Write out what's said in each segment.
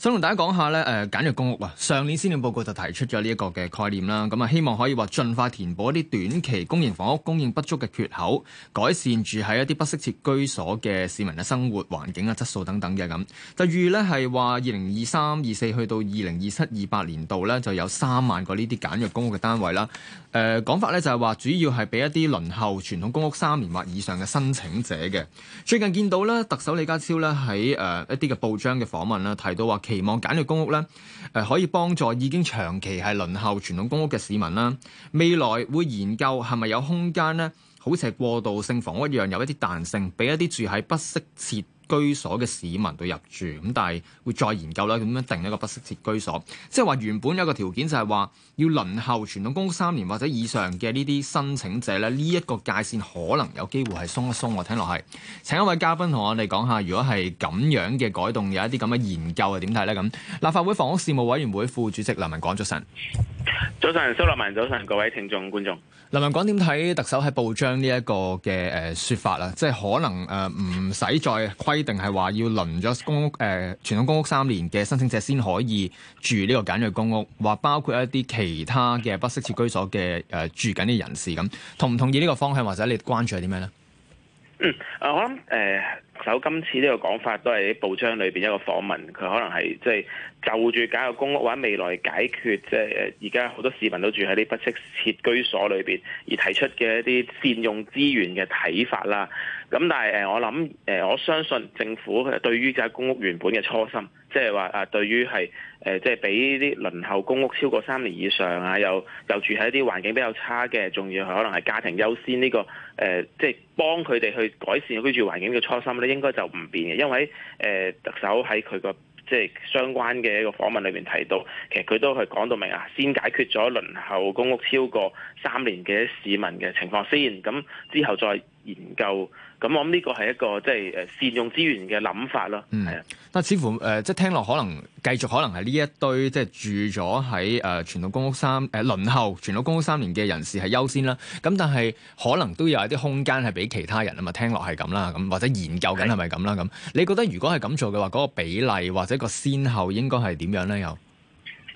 想同大家講下咧，誒、呃，簡約公屋啊，上年施政報告就提出咗呢一個嘅概念啦，咁啊，希望可以話盡快填補一啲短期公營房屋供應不足嘅缺口，改善住喺一啲不適切居所嘅市民嘅生活環境啊、質素等等嘅咁。就預呢係話，二零二三、二四去到二零二七、二八年度呢，就有三萬個呢啲簡約公屋嘅單位啦。誒、呃，講法呢就係話，主要係俾一啲輪候傳統公屋三年或以上嘅申請者嘅。最近見到呢，特首李家超呢喺誒一啲嘅報章嘅訪問啦，提到話，期望簡約公屋咧，誒可以幫助已經長期係輪候傳統公屋嘅市民啦。未來會研究係咪有空間咧，好似係過渡性房屋一樣，有一啲彈性，俾一啲住喺不適切居所嘅市民都入住，咁但係會再研究啦，咁樣定一個不適切居所，即係話原本有一個條件就係話要輪候傳統公屋三年或者以上嘅呢啲申請者咧，呢、這、一個界線可能有機會係鬆一鬆，我聽落係。請一位嘉賓同我哋講下，如果係咁樣嘅改動，有一啲咁嘅研究係點睇呢？咁立法會房屋事務委員會副主席梁文廣，早晨。早晨，蘇樂文，早晨，各位聽眾觀眾，文廣，講點睇特首喺報章呢、這、一個嘅誒、呃、說法啦，即係可能誒唔使再規定係話要輪咗公屋誒傳、呃、統公屋三年嘅申請者先可以住呢個簡約公屋，話包括一啲其他嘅不適切居所嘅誒、呃、住緊啲人士咁，同唔同意呢個方向，或者你關注係啲咩咧？嗯，誒、呃，我諗誒。首今次呢個講法都係啲報章裏邊一個訪問，佢可能係即係就住簡約公屋或者未來解決，即係而家好多市民都住喺啲不適切居所裏邊而提出嘅一啲善用資源嘅睇法啦。咁但係誒，我諗誒，我相信政府對於就係公屋原本嘅初心，即係話啊，對於係誒，即係俾啲輪候公屋超過三年以上啊，又又住喺啲環境比較差嘅，仲要係可能係家庭優先呢、這個誒，即、呃、係、就是、幫佢哋去改善居住環境嘅初心咧，應該就唔變嘅。因為誒、呃、特首喺佢個即係相關嘅一個訪問裏面提到，其實佢都係講到明啊，先解決咗輪候公屋超過三年嘅市民嘅情況先，咁之後再。研究咁，我諗呢個係一個即係誒善用資源嘅諗法咯。嗯，但係似乎誒、呃、即係聽落可能繼續可能係呢一堆即係住咗喺誒傳統公屋三誒輪候傳統公屋三年嘅人士係優先啦。咁但係可能都有一啲空間係俾其他人啊嘛。聽落係咁啦，咁或者研究緊係咪咁啦？咁是你覺得如果係咁做嘅話，嗰、嗰個比例或者個先後應該係點樣咧？又？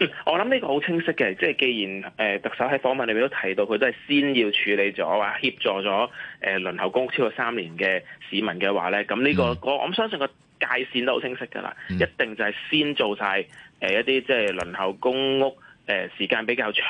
嗯、我諗呢個好清晰嘅，即係既然誒、呃、特首喺訪問裏邊都提到，佢都係先要處理咗，話協助咗誒、呃、輪候公屋超過三年嘅市民嘅話咧，咁呢、呢個、嗯、我我相信個界線都好清晰嘅啦，嗯、一定就係先做晒誒、呃、一啲即係輪候公屋誒時間比較長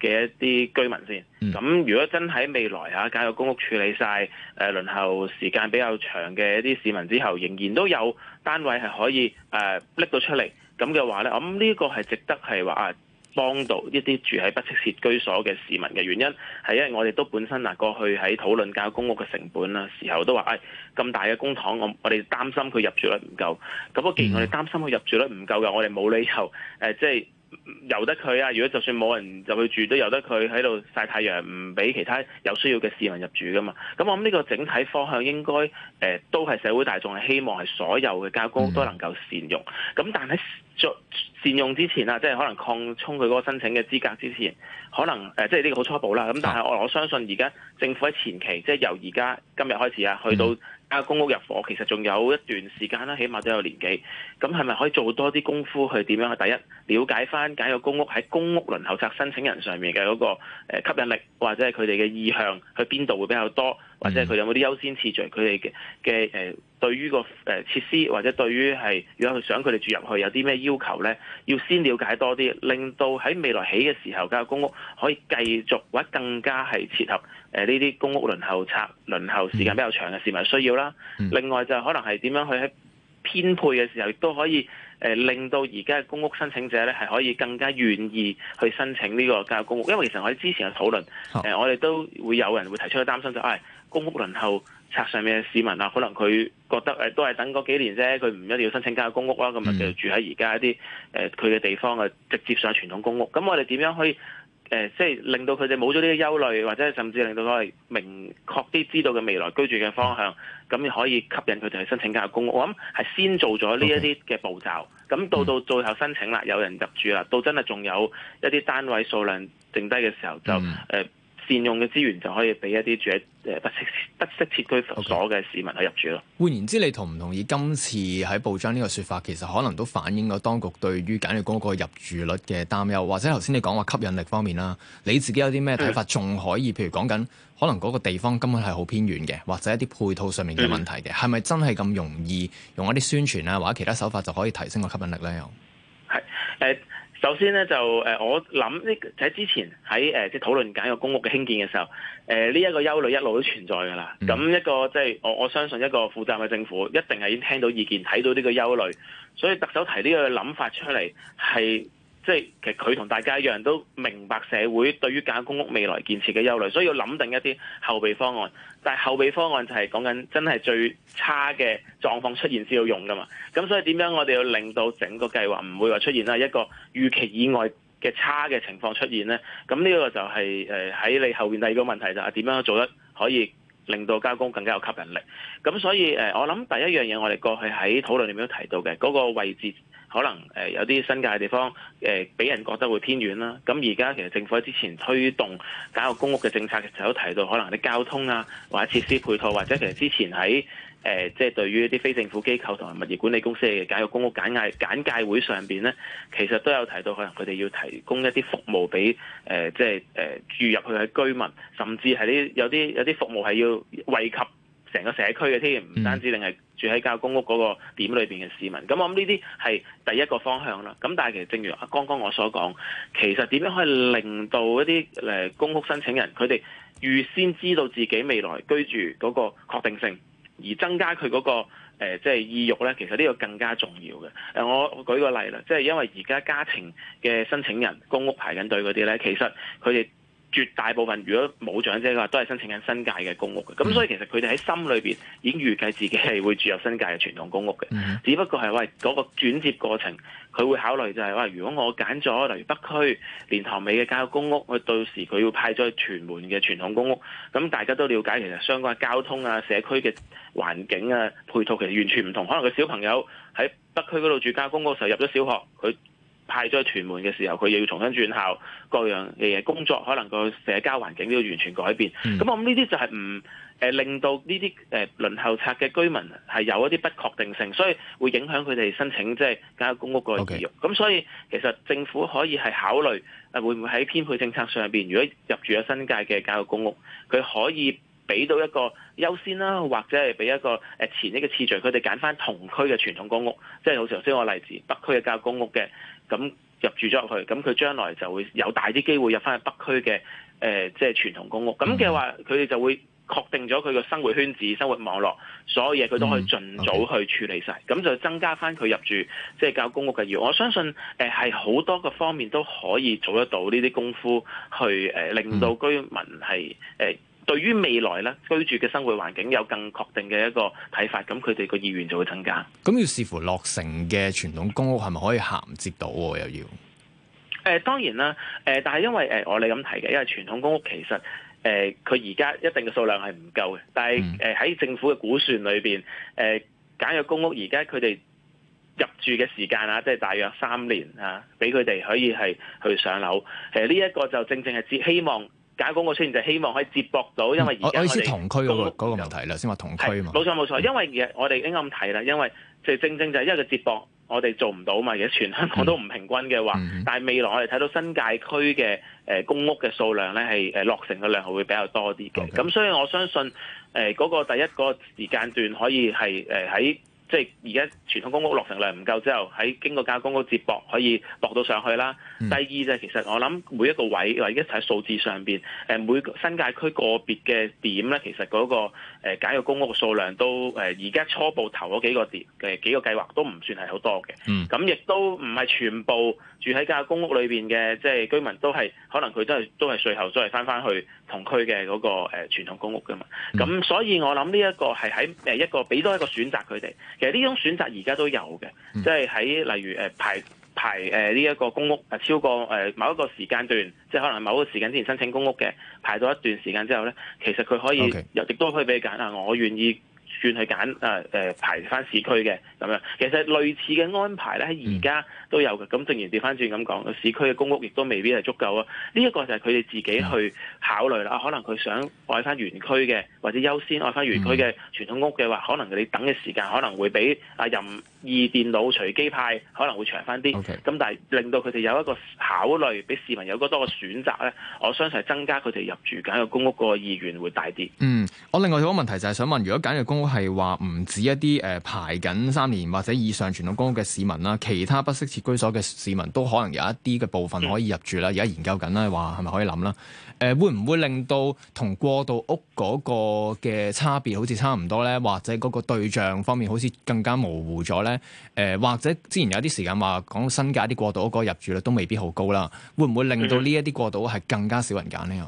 嘅一啲居民先。咁、嗯、如果真喺未來嚇，假、啊、有公屋處理晒誒、呃、輪候時間比較長嘅一啲市民之後，仍然都有單位係可以誒拎、呃呃、到出嚟。咁嘅話呢，我諗呢個係值得係話啊，幫到一啲住喺不適切居所嘅市民嘅原因，係因為我哋都本身嗱過去喺討論搞公屋嘅成本啊時候都話唉，咁、哎、大嘅公帑，我我哋擔心佢入住率唔夠。咁啊，既然我哋擔心佢入住率唔夠嘅，我哋冇理由誒、呃、即係。由得佢啊！如果就算冇人入去住，都由得佢喺度曬太陽，唔俾其他有需要嘅市民入住噶嘛。咁我諗呢個整體方向，應該誒、呃、都係社會大眾係希望係所有嘅教工都能夠善用。咁、嗯、但係善善用之前啊，即係可能擴充佢嗰個申請嘅資格之前，可能誒、呃、即係呢個好初步啦。咁但係我我相信而家政府喺前期，即係由而家今日開始啊，去到。簡約公屋入伙，其實仲有一段時間啦，起碼都有年幾。咁係咪可以做多啲功夫去點樣？第一，了解翻簡約公屋喺公屋輪候冊申請人上面嘅嗰個吸引力，或者係佢哋嘅意向去邊度會比較多？或者佢有冇啲優先次序？佢哋嘅嘅誒，對於個誒、呃、設施，或者對於係如果佢想佢哋住入去，有啲咩要求咧？要先了解多啲，令到喺未來起嘅時候，間公屋可以繼續或者更加係切合誒呢啲公屋輪候冊、輪候時間比較長嘅市民需要啦。另外就可能係點樣去喺。編配嘅時候亦都可以誒、呃，令到而家嘅公屋申請者咧係可以更加願意去申請呢個簡約公屋，因為其實我哋之前嘅討論，誒、呃、我哋都會有人會提出擔心就係、是哎、公屋輪候冊上面嘅市民啊、呃，可能佢覺得誒、呃、都係等嗰幾年啫，佢唔一定要申請簡約公屋啦，咁咪就住喺而家一啲誒佢嘅地方啊，直接上傳統公屋。咁我哋點樣可以？誒、呃，即係令到佢哋冇咗呢個憂慮，或者甚至令到佢哋明確啲知道嘅未來居住嘅方向，咁你可以吸引佢哋去申請加入公屋。我諗係先做咗呢一啲嘅步驟，咁到 Okay. 到最後申請啦，有人入住啦，到真係仲有一啲單位數量剩低嘅時候就誒，Mm. 呃善用嘅資源就可以俾一啲住喺誒不適不適切居所嘅市民去入住咯。Okay. 換言之，你同唔同意今次喺報章呢個説法，其實可能都反映咗當局對於簡約公屋入住率嘅擔憂，或者頭先你講話吸引力方面啦，你自己有啲咩睇法？仲可以，mm hmm. 譬如講緊可能嗰個地方根本係好偏遠嘅，或者一啲配套上面嘅問題嘅，係咪、mm hmm. 真係咁容易用一啲宣傳啊，或者其他手法就可以提升個吸引力呢？又、mm。係、hmm. 首先咧就誒、呃，我諗呢喺之前喺誒即係討論緊個公屋嘅興建嘅時候，誒、呃、呢、這個、一個憂慮一路都存在㗎啦。咁、嗯、一個即係、就是、我我相信一個負責任嘅政府一定係已經聽到意見，睇到呢個憂慮，所以特首提呢個諗法出嚟係。即係其實佢同大家一樣都明白社會對於簡約公屋未來建設嘅憂慮，所以要諗定一啲後備方案。但係後備方案就係講緊真係最差嘅狀況出現先有用㗎嘛。咁所以點樣我哋要令到整個計劃唔會話出現啦一個預期以外嘅差嘅情況出現呢？咁呢個就係誒喺你後邊第二個問題就係點樣做得可以令到簡約公屋更加有吸引力。咁所以誒、呃，我諗第一樣嘢我哋過去喺討論裡面都提到嘅嗰、那個位置。可能誒、呃、有啲新界嘅地方誒俾、呃、人覺得會偏遠啦，咁而家其實政府喺之前推動簡約公屋嘅政策，其實都提到可能啲交通啊，或者設施配套，或者其實之前喺誒即係對於一啲非政府機構同埋物業管理公司嘅簡約公屋簡介簡介會上邊咧，其實都有提到可能佢哋要提供一啲服務俾誒即係誒住入去嘅居民，甚至係啲有啲有啲服務係要惠及。成個社區嘅添，唔單止淨係住喺舊公屋嗰個點裏邊嘅市民，咁我諗呢啲係第一個方向啦。咁但係其實正如剛剛我所講，其實點樣可以令到一啲誒公屋申請人佢哋預先知道自己未來居住嗰個確定性，而增加佢嗰個誒即係意欲咧，其實呢個更加重要嘅。誒，我舉個例啦，即係因為而家家庭嘅申請人公屋排緊隊嗰啲咧，其實佢哋。絕大部分如果冇長者嘅話，都係申請緊新界嘅公屋嘅。咁所以其實佢哋喺心裏邊已經預計自己係會住入新界嘅傳統公屋嘅。Mm hmm. 只不過係喂嗰個轉接過程，佢會考慮就係、是、話，如果我揀咗例如北區蓮塘尾嘅簡約公屋，我到時佢要派咗去屯門嘅傳統公屋。咁大家都了解，其實相關交通啊、社區嘅環境啊、配套其實完全唔同。可能佢小朋友喺北區嗰度住簡約公屋嘅時候入咗小學，佢。派咗去屯門嘅時候，佢又要重新轉校，各樣嘅嘢工作，可能個社交環境都要完全改變。咁我諗呢啲就係唔誒令到呢啲誒輪候冊嘅居民係有一啲不確定性，所以會影響佢哋申請即係郊區公屋個意欲。咁 Okay. 所以其實政府可以係考慮誒、啊、會唔會喺編配政策上邊，如果入住咗新界嘅郊區公屋，佢可以。俾到一個優先啦，或者係俾一個誒前一個次序，佢哋揀翻同區嘅傳統公屋，即係好似頭先我例子，北區嘅舊公屋嘅，咁入住咗落去，咁佢將來就會有大啲機會入翻去北區嘅誒、呃，即係傳統公屋。咁嘅、嗯、話，佢哋就會確定咗佢個生活圈子、生活網絡，所有嘢佢都可以盡早去處理晒。咁、嗯 okay. 就增加翻佢入住即係舊公屋嘅要。我相信誒係好多個方面都可以做得到呢啲功夫去，去、呃、誒令到居民係誒。呃嗯對於未來咧居住嘅生活環境有更確定嘅一個睇法，咁佢哋個意願就會增加。咁、嗯、要視乎落成嘅傳統公屋係咪可以銜接到，又要、呃，誒當然啦，誒、呃、但係因為誒、呃、我哋咁提嘅，因為傳統公屋其實誒佢而家一定嘅數量係唔夠嘅，但係誒喺政府嘅估算裏邊，誒、呃、簡約公屋而家佢哋入住嘅時間啊、呃，即係大約三年啊，俾佢哋可以係去上樓。誒呢一個就正正係只希望。簡約公屋嘅出現就是、希望可以接駁到，因為而家我，我，我同區嗰、那個嗰、那個問題啦，先話同區嘛。冇錯冇錯，因為我哋應該咁睇啦，因為就正正就係因為接駁，我哋做唔到嘛，而家全香港都唔平均嘅話。但係未來我哋睇到新界區嘅誒、呃、公屋嘅數量咧係誒落成嘅量係會比較多啲嘅。咁 Okay. 所以我相信誒嗰、呃那個第一個時間段可以係誒喺。呃即係而家傳統公屋落成量唔夠之後，喺經過加工嗰接駁可以駁到上去啦。嗯、第二就係、是、其實我諗每一個位或者喺數字上邊，誒每個新界區個別嘅點咧，其實嗰、那個。誒揀個公屋嘅數量都誒，而家初步投嗰幾個碟誒幾個計劃都唔算係好多嘅。嗯，咁亦都唔係全部住喺架公屋裏邊嘅，即係居民都係可能佢都係都係最後都係翻翻去同區嘅嗰個誒傳統公屋噶嘛。嗯，咁所以我諗呢一個係喺誒一個俾多一個選擇佢哋。其實呢種選擇而家都有嘅，即係喺例如誒排。排誒呢一個公屋誒超過誒、呃、某一個時間段，即係可能某個時間之前申請公屋嘅排到一段時間之後咧，其實佢可以亦 Okay. 都可以俾你揀啊，我願意轉去揀誒誒排翻市區嘅咁樣。其實類似嘅安排咧，而家都有嘅。咁、嗯、正然掉翻轉咁講，市區嘅公屋亦都未必係足夠咯。呢、這、一個就係佢哋自己去考慮啦、啊。可能佢想愛翻原區嘅，或者優先愛翻原區嘅傳統屋嘅話、嗯可，可能佢哋等嘅時間可能會比阿任。啊啊啊啊啊二電腦隨機派可能會長翻啲，咁 Okay. 但係令到佢哋有一個考慮，俾市民有更多嘅選擇咧，我相信係增加佢哋入住簡約公屋個意願會大啲。嗯，我另外一個問題就係想問，如果簡約公屋係話唔止一啲誒、呃、排緊三年或者以上傳統公屋嘅市民啦，其他不適切居所嘅市民都可能有一啲嘅部分可以入住啦，而家、嗯、研究緊咧話係咪可以諗啦？誒、呃，會唔會令到同過渡屋嗰個嘅差別好似差唔多咧，或者嗰個對象方面好似更加模糊咗咧？誒，或者之前有啲時間話，講新界啲過渡屋嗰個入住率都未必好高啦，會唔會令到呢一啲過渡屋係更加少人揀咧？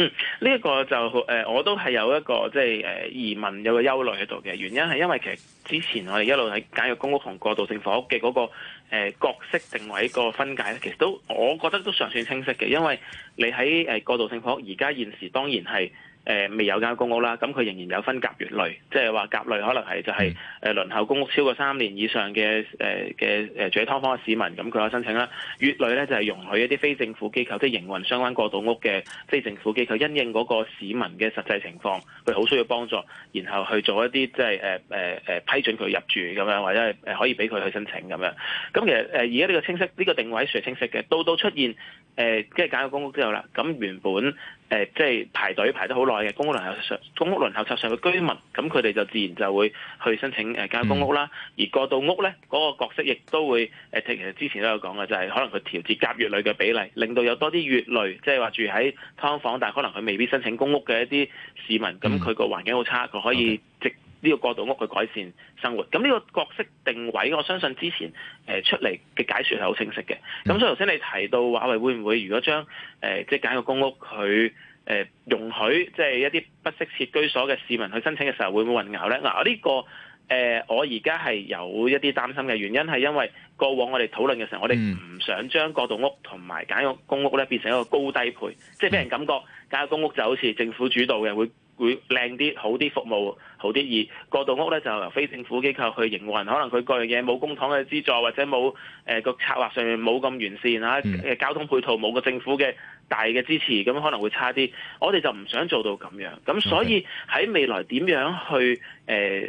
嗯，呢、這、一個就誒、呃，我都係有一個即係誒疑問，有個憂慮喺度嘅，原因係因為其實之前我哋一路喺簡約公屋同過渡性房屋嘅嗰、那個誒、呃、角色定位個分界咧，其實都我覺得都尚算清晰嘅，因為你喺誒、呃、過渡性房屋而家現時當然係。誒、呃、未有簡約公屋啦，咁佢仍然有分甲、乙類，即係話甲類可能係就係誒輪候公屋超過三年以上嘅誒嘅誒住喺劏房嘅市民，咁佢有申請啦。乙類咧就係、是、容許一啲非政府機構，即係營運相關過渡屋嘅非政府機構，因應嗰個市民嘅實際情況，佢好需要幫助，然後去做一啲即係誒誒誒批准佢入住咁樣，或者係誒可以俾佢去申請咁樣。咁其實誒而家呢個清晰，呢、這個定位算清晰嘅，到到出現誒即係揀咗公屋之後啦，咁原本誒、呃、即係排，排隊排得好耐。公屋輪候上，公屋輪候冊上嘅居民，咁佢哋就自然就會去申請誒間、呃、公屋啦。而過渡屋咧，嗰、那個角色亦都會誒、呃，其實之前都有講嘅，就係、是、可能佢調節甲乙類嘅比例，令到有多啲乙類，即係話住喺劏房，但係可能佢未必申請公屋嘅一啲市民，咁佢、嗯、個環境好差，佢可以即呢個過渡屋去改善生活。咁呢個角色定位，我相信之前誒、呃、出嚟嘅解說係好清晰嘅。咁所以頭先你提到話，會唔會如果將誒、呃、即係揀個公屋佢，誒、呃、容許即係一啲不適切居所嘅市民去申請嘅時候，會唔會混淆咧？嗱、啊，呢、這個誒、呃，我而家係有一啲擔心嘅原因，係因為過往我哋討論嘅時候，嗯、我哋唔想將過渡屋同埋簡約公屋咧變成一個高低配，即係俾人感覺簡約公屋就好似政府主導嘅會。會靚啲、好啲服務、好啲，而過渡屋咧就由非政府機構去營運，可能佢各樣嘢冇公帑嘅資助，或者冇誒、呃、個策劃上面冇咁完善啊，嘅交通配套冇個政府嘅大嘅支持，咁可能會差啲。我哋就唔想做到咁樣，咁所以喺未來點樣去誒、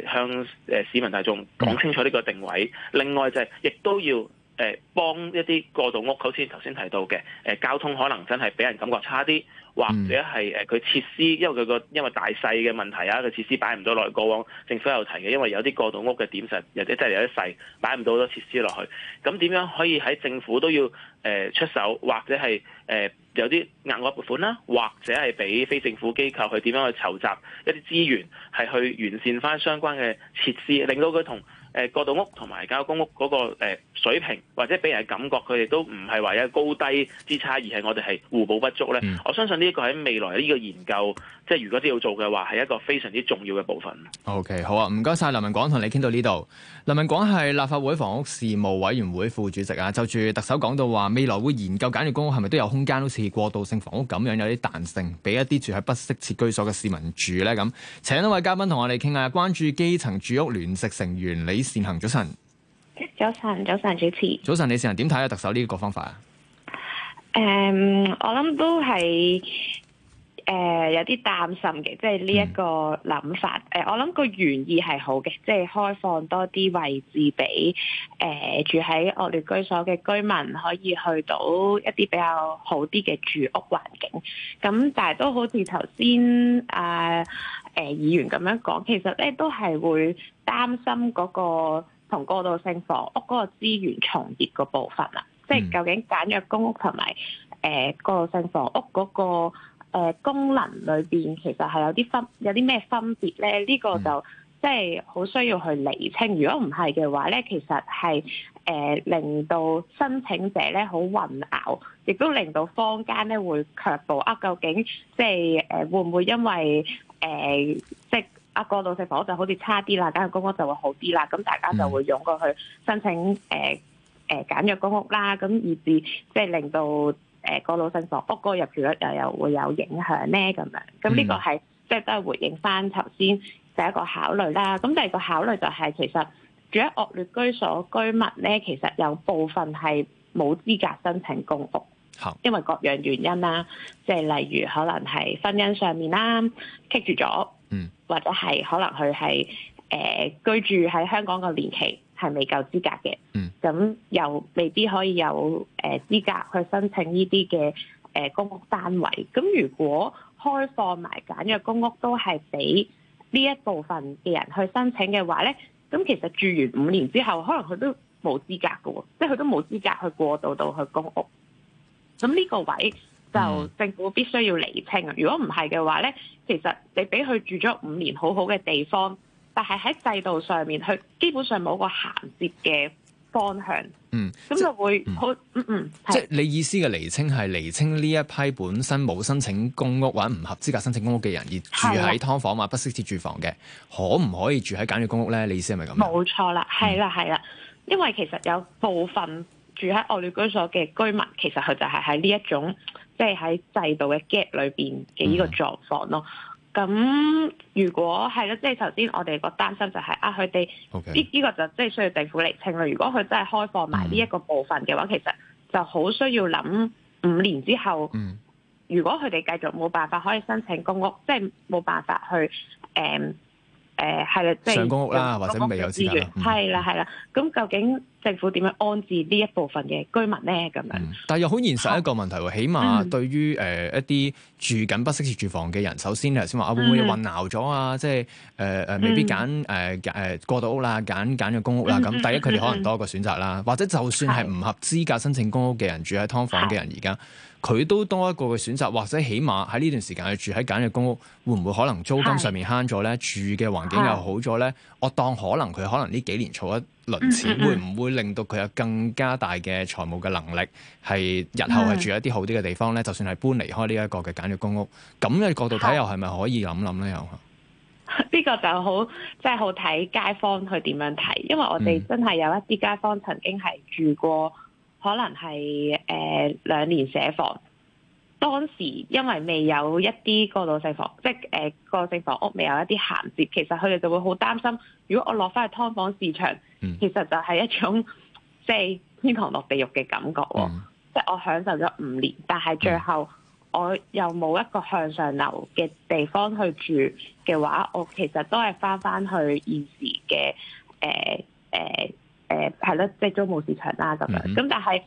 呃、向誒市民大眾講清楚呢個定位？另外就係亦都要。誒幫一啲過渡屋，好似頭先提到嘅，誒交通可能真係俾人感覺差啲，或者係誒佢設施，因為佢個因為大細嘅問題啊，個設施擺唔到落去。過往政府有提嘅，因為有啲過渡屋嘅點實，或者真係有啲細，擺唔到好多設施落去。咁點樣可以喺政府都要誒、呃、出手，或者係誒、呃、有啲額外撥款啦，或者係俾非政府機構去點樣去籌集一啲資源，係去完善返相關嘅設施，令到佢同。誒過渡屋同埋簡約公屋嗰個水平，或者俾人感覺佢哋都唔係話有高低之差，而係我哋係互補不足咧。嗯、我相信呢個喺未來呢個研究，即係如果都要做嘅話，係一個非常之重要嘅部分。OK，好啊，唔該晒。梁文廣同你傾到呢度。梁文廣係立法會房屋事務委員會副主席啊。就住特首講到話，未來會研究簡約公屋係咪都有空間，好似過渡性房屋咁樣有啲彈性，俾一啲住喺不適切居所嘅市民住咧咁。請一位嘉賓同我哋傾下，關注基層住屋聯席成員李善珩，早晨，早晨，早晨，早晨，主持，早晨，你善珩，點睇啊，特首呢個方法啊？誒、um，我諗都係。誒、呃、有啲擔心嘅，即係呢一個諗法。誒、呃、我諗個原意係好嘅，即係開放多啲位置俾誒、呃、住喺惡劣居所嘅居民，可以去到一啲比較好啲嘅住屋環境。咁但係都好似頭先啊誒議員咁樣講，其實咧都係會擔心嗰個同過渡性房屋嗰個資源重疊個部分啦。即係究竟簡約公屋同埋誒過渡性房屋嗰、嗰個。誒、呃、功能裏邊其實係有啲分，有啲咩分別咧？呢、這個就、嗯、即係好需要去釐清。如果唔係嘅話咧，其實係誒、呃、令到申請者咧好混淆，亦都令到坊間咧會卻步啊。究竟即係誒、呃、會唔會因為誒、呃、即係過渡性房屋就好似差啲啦，咁樣公屋就會好啲啦，咁、嗯嗯、大家就會湧過去申請誒誒、呃呃呃、簡約公屋啦，咁以至即係令到。誒，個老新房屋個入住率又又會有影響咧，咁樣。咁呢個係、嗯、即係都係回應翻頭先第一個考慮啦。咁第二個考慮就係、是、其實住喺惡劣居所居民咧，其實有部分係冇資格申請公屋，好因為各樣原因啦，即係例如可能係婚姻上面啦，棘住咗，嗯、或者係可能佢係誒居住喺香港個年期。係未夠資格嘅，咁又未必可以有誒資格去申請呢啲嘅誒公屋單位。咁如果開放埋簡約公屋都係俾呢一部分嘅人去申請嘅話咧，咁其實住完五年之後，可能佢都冇資格㗎喎，即係佢都冇資格去過渡到去公屋。咁呢個位就政府必須要釐清啊！如果唔係嘅話咧，其實你俾佢住咗五年好好嘅地方。但係喺制度上面，佢基本上冇個銜接嘅方向。嗯，咁就會好，嗯嗯。即係你意思嘅釐清係釐清呢一批本身冇申請公屋或者唔合資格申請公屋嘅人，而住喺劏房或者不適切住房嘅，嗯、可唔可以住喺簡約公屋咧？你意思係咪咁？冇錯啦，係啦、嗯，係啦。因為其實有部分住喺惡劣居所嘅居民，其實佢就係喺呢一種即係喺制度嘅 gap 裏邊嘅呢個狀況咯。嗯咁如果係啦，即係頭先我哋個擔心就係、是、啊，佢哋呢呢個就即係需要政府釐清啦。如果佢真係開放埋呢一個部分嘅話，mm. 其實就好需要諗五年之後，mm. 如果佢哋繼續冇辦法可以申請公屋，即係冇辦法去誒。嗯誒係啦，即、嗯、上公屋啦，或者未有資格。係、嗯、啦，係啦，咁究竟政府點樣安置呢一部分嘅居民咧？咁樣，但又好現實一個問題喎。嗯、起碼對於誒、呃、一啲住緊不適切住，住房嘅人，首先頭先話啊，會唔會混淆咗啊？嗯、即係誒誒，未必揀誒誒過渡屋啦，揀揀個公屋啦。咁、嗯嗯、第一佢哋可能多一個選擇啦，或者就算係唔合資格申請公屋嘅人住喺劏房嘅人而家。嗯嗯佢都多一個嘅選擇，或者起碼喺呢段時間去住喺簡約公屋，會唔會可能租金上面慳咗呢？的住嘅環境又好咗呢？的我當可能佢可能呢幾年儲一輪錢，嗯嗯嗯會唔會令到佢有更加大嘅財務嘅能力，係日後係住一啲好啲嘅地方呢，的就算係搬離開呢一個嘅簡約公屋，咁嘅角度睇又係咪可以諗諗呢？又呢、呢個就好，即係好睇街坊去點樣睇，因為我哋真係有一啲街坊曾經係住過。嗯可能係誒、呃、兩年寫房，當時因為未有一啲過渡性房，即係誒過渡性房屋未有一啲銜接，其實佢哋就會好擔心。如果我落翻去劏房市場，嗯、其實就係一種即係天堂落地獄嘅感覺，嗯、即我享受咗五年，但係最後、嗯、我又冇一個向上流嘅地方去住嘅話，我其實都係翻翻去現時嘅誒誒。呃呃誒係咯，即係租務市場啦咁樣。咁、 嗯、但係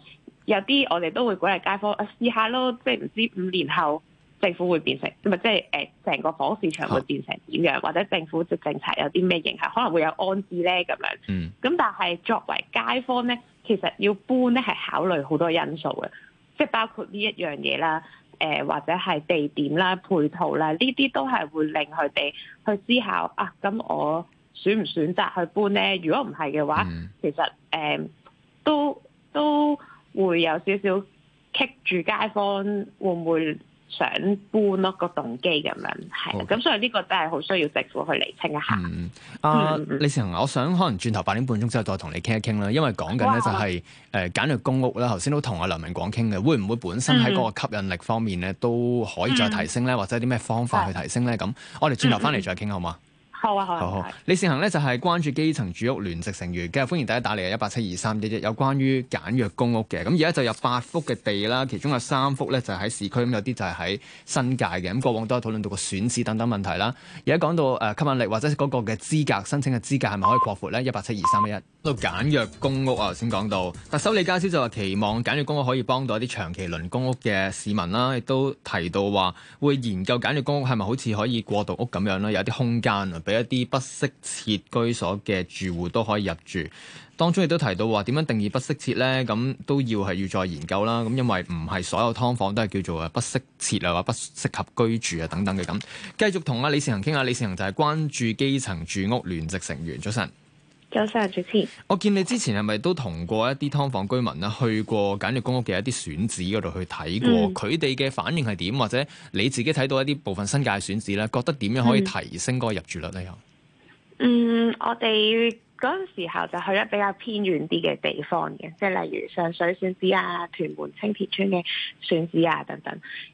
有啲我哋都會鼓勵街坊試下咯，即係唔知五年後政府會變成，咪即係誒成個房市場會變成點樣，啊、或者政府嘅政策有啲咩影響，可能會有安置咧咁樣。咁、嗯、但係作為街坊咧，其實要搬咧係考慮好多因素嘅，即係包括呢一樣嘢啦，誒、呃、或者係地點啦、配套啦，呢啲都係會令佢哋去思考啊。咁、嗯、我選唔選擇去搬咧？如果唔係嘅話，嗯、其實誒、呃、都都會有少少棘住街坊，會唔會想搬咯？個動機咁樣係，咁所以呢個真係好需要政府去釐清一下。啊，李成，我想可能轉頭八點半鐘之後再同你傾一傾啦，因為講緊咧就係誒簡約公屋啦。頭先都同阿梁文講傾嘅，會唔會本身喺嗰個吸引力方面咧都可以再提升咧，或者啲咩方法去提升咧？咁我哋轉頭翻嚟再傾好嘛？嗯嗯嗯嗯好啊好啊！好啊，哦、好，李善珩咧就係關注基層住屋聯席成員，今日歡迎大家打嚟一八七二三一一，1, 有關於簡約公屋嘅。咁而家就有八幅嘅地啦，其中有三幅咧就喺市區，咁有啲就係喺新界嘅。咁過往都係討論到個選址等等問題啦。而家講到誒吸引力或者嗰個嘅資格申請嘅資格係咪可以擴闊咧？一八七二三一一。到簡約公屋啊，頭先講到，但特首李家超就話期望簡約公屋可以幫到一啲長期輪公屋嘅市民啦，亦都提到話會研究簡約公屋係咪好似可以過渡屋咁樣啦，有啲空間啊一啲不適切居所嘅住戶都可以入住。當中亦都提到話點樣定義不適切呢？咁都要係要再研究啦。咁因為唔係所有劏房都係叫做誒不適切啊，或不適合居住啊等等嘅咁。繼續同阿李善珩傾下，李善珩就係關注基層住屋聯席成員。早晨。多謝主持。我見你之前係咪都同過一啲劏房居民啦，去過簡略公屋嘅一啲選址嗰度去睇過，嗯，佢哋嘅反應係點？或者你自己睇到一啲部分新界選址咧，覺得點樣可以提升個入住率咧？有？嗯，我哋嗰陣時候就去咗比較偏遠啲嘅地方嘅，即係例如上水選址啊、屯門青田村嘅選址啊等等。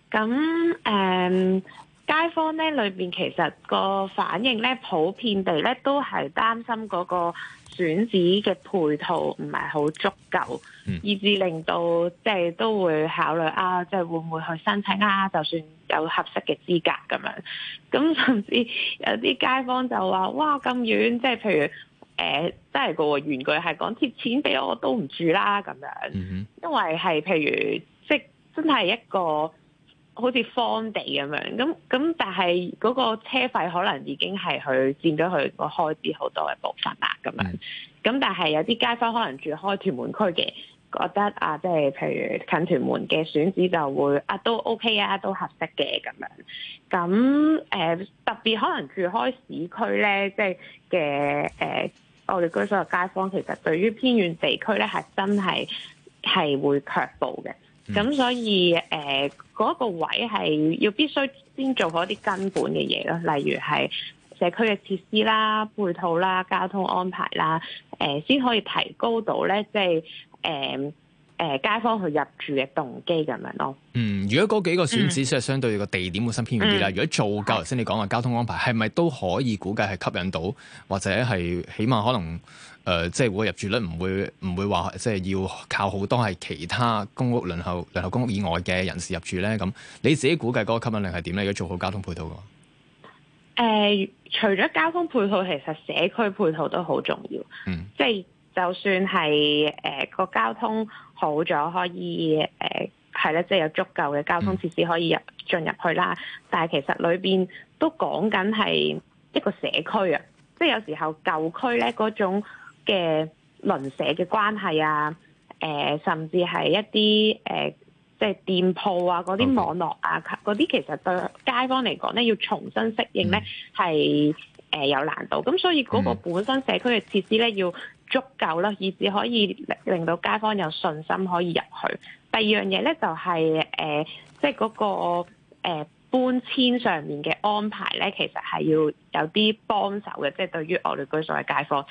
咁誒。嗯街坊咧，裏邊其實個反應咧，普遍地咧都係擔心嗰個選址嘅配套唔係好足夠，嗯、以至令到即係都會考慮啊，即、就、係、是、會唔會去申請啊？就算有合適嘅資格咁樣，咁甚至有啲街坊就話：哇，咁遠！即、就、係、是、譬如即、欸、真係個原句係講貼錢俾我，我都唔住啦咁樣。嗯、哼因為係譬如即真係一個。好似荒地咁樣，咁咁但係嗰個車費可能已經係佢佔咗佢個開支好多嘅部分啦，咁樣。咁但係有啲街坊可能住開屯門區嘅，覺得啊，即係譬如近屯門嘅選址就會啊都 OK 啊，都合適嘅咁樣。咁誒、呃、特別可能住開市區咧，即係嘅誒，我哋居所嘅街坊其實對於偏遠地區咧係真係係會卻步嘅。咁、嗯、所以誒，嗰、呃那個位係要必須先做好啲根本嘅嘢咯，例如係社區嘅設施啦、配套啦、交通安排啦，誒、呃、先可以提高到咧，即係誒誒街坊去入住嘅動機咁樣咯。嗯，如果嗰幾個選址即係、嗯、相對個地點本身偏遠啲啦，嗯、如果做夠頭先你講嘅交通安排，係咪都可以估計係吸引到，或者係起碼可能？誒、呃，即係個入住率唔會唔會話，即係要靠好多係其他公屋輪候輪候公屋以外嘅人士入住咧。咁你自己估計嗰個吸引力係點咧？如果做好交通配套嘅？誒、呃，除咗交通配套，其實社區配套都好重要。嗯，即係就算係誒個交通好咗，可以誒係咧，即係有足夠嘅交通設施可以入、嗯、進入去啦。但係其實裏邊都講緊係一個社區啊，即係有時候舊區咧嗰種。嘅鄰舍嘅關係啊，誒、呃，甚至係一啲誒、呃，即係店鋪啊，嗰啲網絡啊，嗰啲 Okay. 其實對街坊嚟講咧，要重新適應咧，係誒、mm. 呃、有難度。咁所以嗰個本身社區嘅設施咧，要足夠啦，以至可以令到街坊有信心可以入去。第二樣嘢咧，就係、是、誒、呃，即係嗰、那個、呃遷上面嘅安排咧，其實係要有啲幫手嘅，即係對於惡劣居所嘅街坊，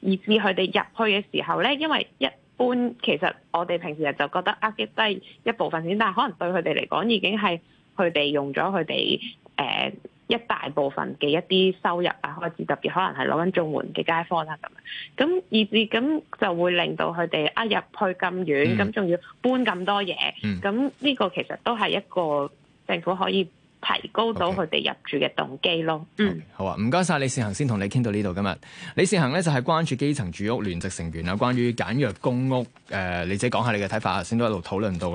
以 Okay. 至佢哋入去嘅時候咧，因為一般其實我哋平時就覺得呃低低一部分先，但係可能對佢哋嚟講，已經係佢哋用咗佢哋誒一大部分嘅一啲收入啊，開始特別可能係攞緊綜援嘅街坊啦，咁，咁以至咁就會令到佢哋呃入去咁遠，咁仲、嗯、要搬咁多嘢，咁呢、嗯、個其實都係一個政府可以。提高到佢哋入住嘅動機咯。Okay. 嗯，okay. 好啊，唔該晒。李善珩，先同你傾到呢度今日。李善珩咧，就係、是、關注基層住屋聯席成員啊，關於簡約公屋誒、呃，你自己講下你嘅睇法先，都一路討論到。